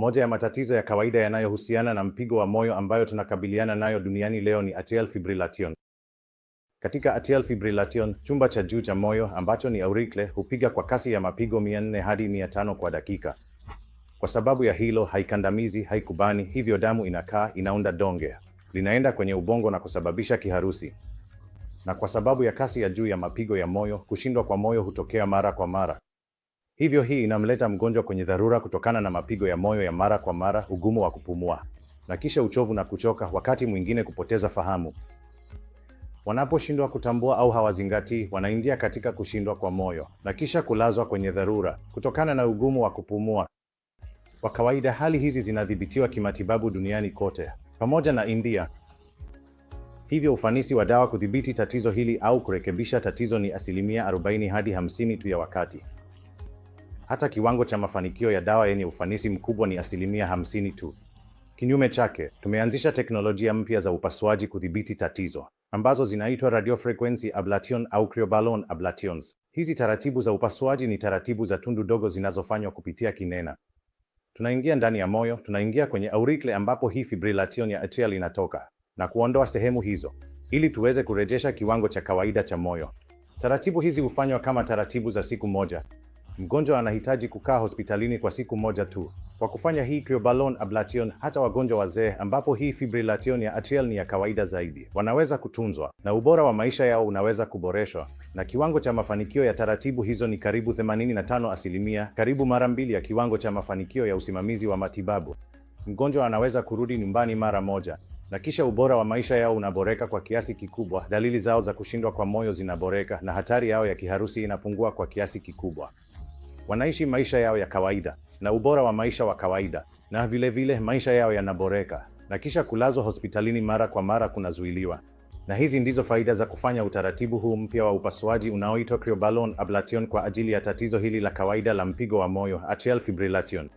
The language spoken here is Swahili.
Moja ya matatizo ya kawaida yanayohusiana na mpigo wa moyo ambayo tunakabiliana nayo duniani leo ni atrial fibrillation. Katika atrial fibrillation, chumba cha juu cha moyo ambacho ni auricle hupiga kwa kasi ya mapigo 400 hadi 500 kwa dakika. Kwa sababu ya hilo, haikandamizi, haikubani, hivyo damu inakaa, inaunda donge, linaenda kwenye ubongo na kusababisha kiharusi. Na kwa sababu ya kasi ya juu ya mapigo ya moyo, kushindwa kwa moyo hutokea mara kwa mara. Hivyo hii inamleta mgonjwa kwenye dharura kutokana na mapigo ya moyo ya mara kwa mara, ugumu wa kupumua na kisha uchovu na kuchoka, wakati mwingine kupoteza fahamu. Wanaposhindwa kutambua au hawazingatii, wanaingia katika kushindwa kwa moyo na kisha kulazwa kwenye dharura kutokana na ugumu wa kupumua. Kwa kawaida hali hizi zinadhibitiwa kimatibabu duniani kote pamoja na India. Hivyo ufanisi wa dawa kudhibiti tatizo hili au kurekebisha tatizo ni asilimia 40 hadi 50 tu ya wakati. Hata kiwango cha mafanikio ya dawa yenye ufanisi mkubwa ni asilimia hamsini tu. Kinyume chake, tumeanzisha teknolojia mpya za upasuaji kudhibiti tatizo ambazo zinaitwa radiofrequency ablation au cryoballoon ablations. Hizi taratibu za upasuaji ni taratibu za tundu dogo zinazofanywa kupitia kinena. Tunaingia ndani ya moyo, tunaingia kwenye auricle ambapo hii fibrillation ya atrial inatoka na kuondoa sehemu hizo ili tuweze kurejesha kiwango cha kawaida cha moyo. Taratibu hizi hufanywa kama taratibu za siku moja mgonjwa anahitaji kukaa hospitalini kwa siku moja tu. Kwa kufanya hii cryoballoon ablation, hata wagonjwa wazee, ambapo hii fibrillation ya atrial ni ya kawaida zaidi, wanaweza kutunzwa na ubora wa maisha yao unaweza kuboreshwa, na kiwango cha mafanikio ya taratibu hizo ni karibu 85 asilimia, karibu mara mbili ya kiwango cha mafanikio ya usimamizi wa matibabu. Mgonjwa anaweza kurudi nyumbani mara moja na kisha ubora wa maisha yao unaboreka kwa kiasi kikubwa. Dalili zao za kushindwa kwa moyo zinaboreka na hatari yao ya kiharusi inapungua kwa kiasi kikubwa wanaishi maisha yao ya kawaida na ubora wa maisha wa kawaida, na vilevile vile maisha yao yanaboreka, na kisha kulazwa hospitalini mara kwa mara kunazuiliwa. Na hizi ndizo faida za kufanya utaratibu huu mpya wa upasuaji unaoitwa cryoballoon ablation kwa ajili ya tatizo hili la kawaida la mpigo wa moyo atrial fibrillation.